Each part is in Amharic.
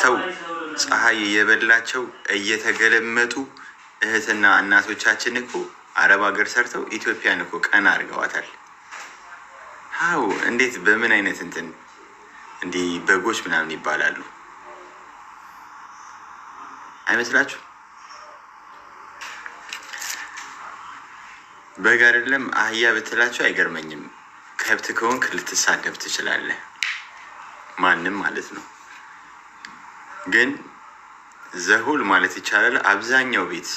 ተው ፀሐይ የበላቸው እየተገለመጡ እህትና እናቶቻችን እኮ አረብ ሀገር ሰርተው ኢትዮጵያን እኮ ቀና አድርገዋታል። ሀው እንዴት በምን አይነት እንትን እንዲህ በጎች ምናምን ይባላሉ አይመስላችሁ? በግ አይደለም አህያ ብትላቸው አይገርመኝም። ከብት ከሆንክ ልትሳደብ ትችላለህ፣ ማንም ማለት ነው። ግን ዘሁል ማለት ይቻላል አብዛኛው ቤት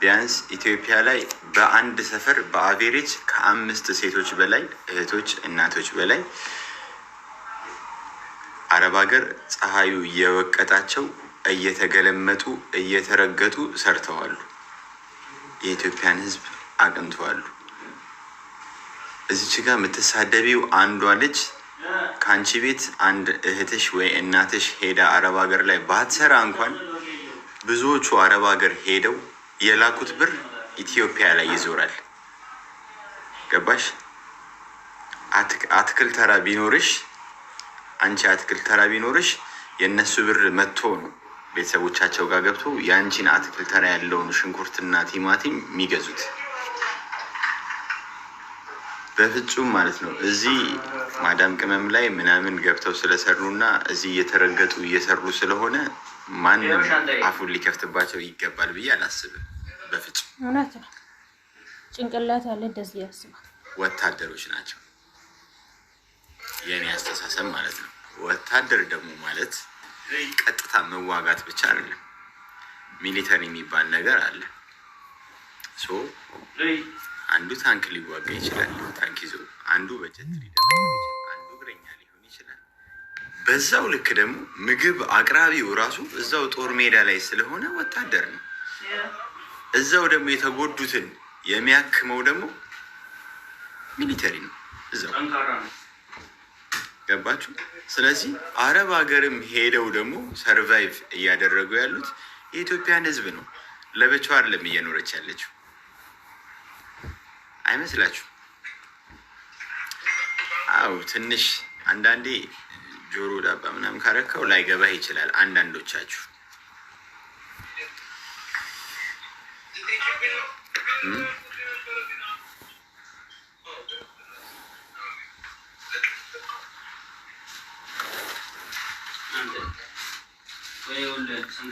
ቢያንስ ኢትዮጵያ ላይ በአንድ ሰፈር በአቬሬጅ ከአምስት ሴቶች በላይ እህቶች፣ እናቶች በላይ አረብ ሀገር ፀሐዩ እየወቀጣቸው እየተገለመጡ እየተረገጡ ሰርተዋሉ። የኢትዮጵያን ሕዝብ አቅንተዋሉ። እዚች ጋር የምትሳደቢው አንዷ ልጅ ከአንቺ ቤት አንድ እህትሽ ወይ እናትሽ ሄዳ አረብ ሀገር ላይ ባትሰራ እንኳን ብዙዎቹ አረብ ሀገር ሄደው የላኩት ብር ኢትዮጵያ ላይ ይዞራል። ገባሽ? አትክልት ተራ ቢኖርሽ አንቺ አትክልት ተራ ቢኖርሽ የእነሱ ብር መጥቶ ነው ቤተሰቦቻቸው ጋር ገብቶ የአንቺን አትክልት ተራ ያለውን ሽንኩርትና ቲማቲም የሚገዙት። በፍጹም ማለት ነው። እዚህ ማዳም ቅመም ላይ ምናምን ገብተው ስለሰሩ እና እዚህ እየተረገጡ እየሰሩ ስለሆነ ማንም አፉን ሊከፍትባቸው ይገባል ብዬ አላስብም። በፍጹም እውነት ነው። ጭንቅላት ያለ እንደዚህ ያስባል። ወታደሮች ናቸው፣ የእኔ አስተሳሰብ ማለት ነው። ወታደር ደግሞ ማለት ቀጥታ መዋጋት ብቻ አይደለም፣ ሚሊተሪ የሚባል ነገር አለ። አንዱ ታንክ ሊዋጋ ይችላል፣ ታንክ ይዞ አንዱ በጀት ሊደረግ፣ አንዱ እግረኛ ሊሆን ይችላል። በዛው ልክ ደግሞ ምግብ አቅራቢው ራሱ እዛው ጦር ሜዳ ላይ ስለሆነ ወታደር ነው። እዛው ደግሞ የተጎዱትን የሚያክመው ደግሞ ሚሊተሪ ነው። እዛው ገባችሁ። ስለዚህ አረብ ሀገርም ሄደው ደግሞ ሰርቫይቭ እያደረጉ ያሉት የኢትዮጵያን ሕዝብ ነው። ለብቻዋ አይደለም እየኖረች ያለችው። አይመስላችሁ? አው ትንሽ አንዳንዴ ጆሮ ዳባ ምናምን ካረካው ላይገባህ ይችላል። አንዳንዶቻችሁ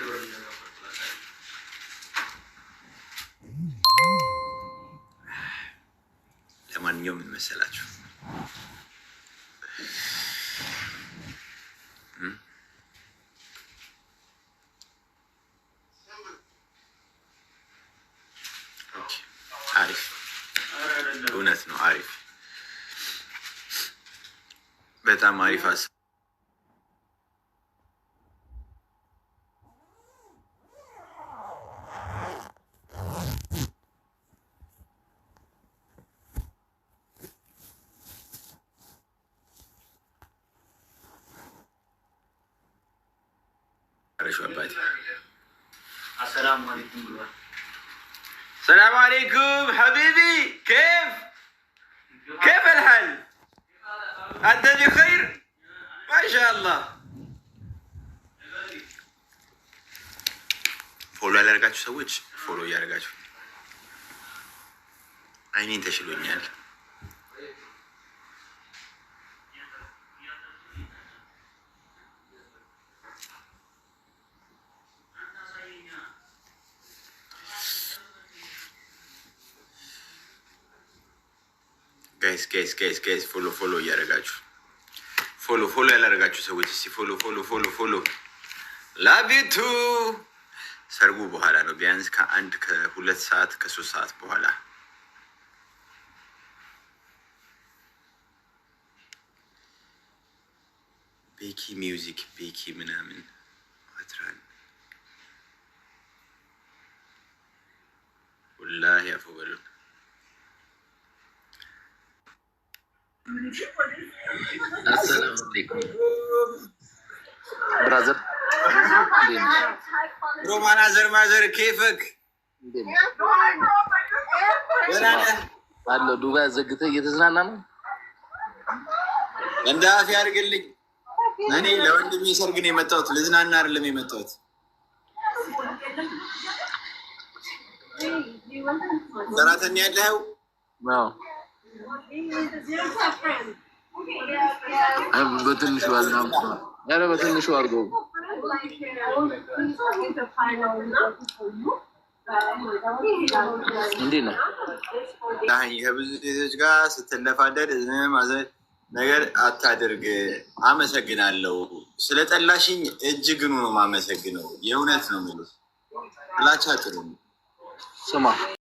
ወይ አንደኛው ምን መሰላችሁ? አሪፍ እውነት ነው። አሪፍ በጣም አሪፍ ሰላም አለይኩም ሐቢቢ ኬፍ ኬፍ አልሃል አንተ ቢኸይር ማሻአላህ። ፎሎ ያላደረጋችሁ ሰዎች ፎሎ እያደረጋችሁ አይኔን ተሽሎኛል። ጋይስ ጋይስ ጋይስ ጋይስ ፎሎ ፎሎ እያደረጋችሁ ፎሎ ፎሎ ያላደረጋችሁ ሰዎች እስቲ ፎሎ ፎሎ ፎሎ ፎሎ ላቢቱ ሰርጉ በኋላ ነው። ቢያንስ ከአንድ ከሁለት ሰዓት ከሶስት ሰዓት በኋላ ቤኪ ሚውዚክ ቤኪ ምናምን አትራል ወላሂ አፎ አሰላሙ አለይኩም ብራዘር፣ ሮማና ዘር ማዘር ኬፈክ አለው። ዱባይ አዘግተህ እየተዝናና ነው። እንደ አፍ ያድርግልኝ። እኔ ለወንድሜ ሰርግ ነው የመጣሁት፣ ልዝናና አይደለም የመጣሁት። ሰራተኛ ያለኸው በትንሹ አልናም ያለ በትንሹ አድርገው እንዴት ነህ? ከብዙ ሴቶች ጋር ስትለፋደድ ዝም ነገር አታድርግ። አመሰግናለሁ ስለጠላሽኝ እጅግኑ ነው የማመሰግነው። የእውነት ነው የምልህ። ጥላቻ ጥሩ ነው። ስማ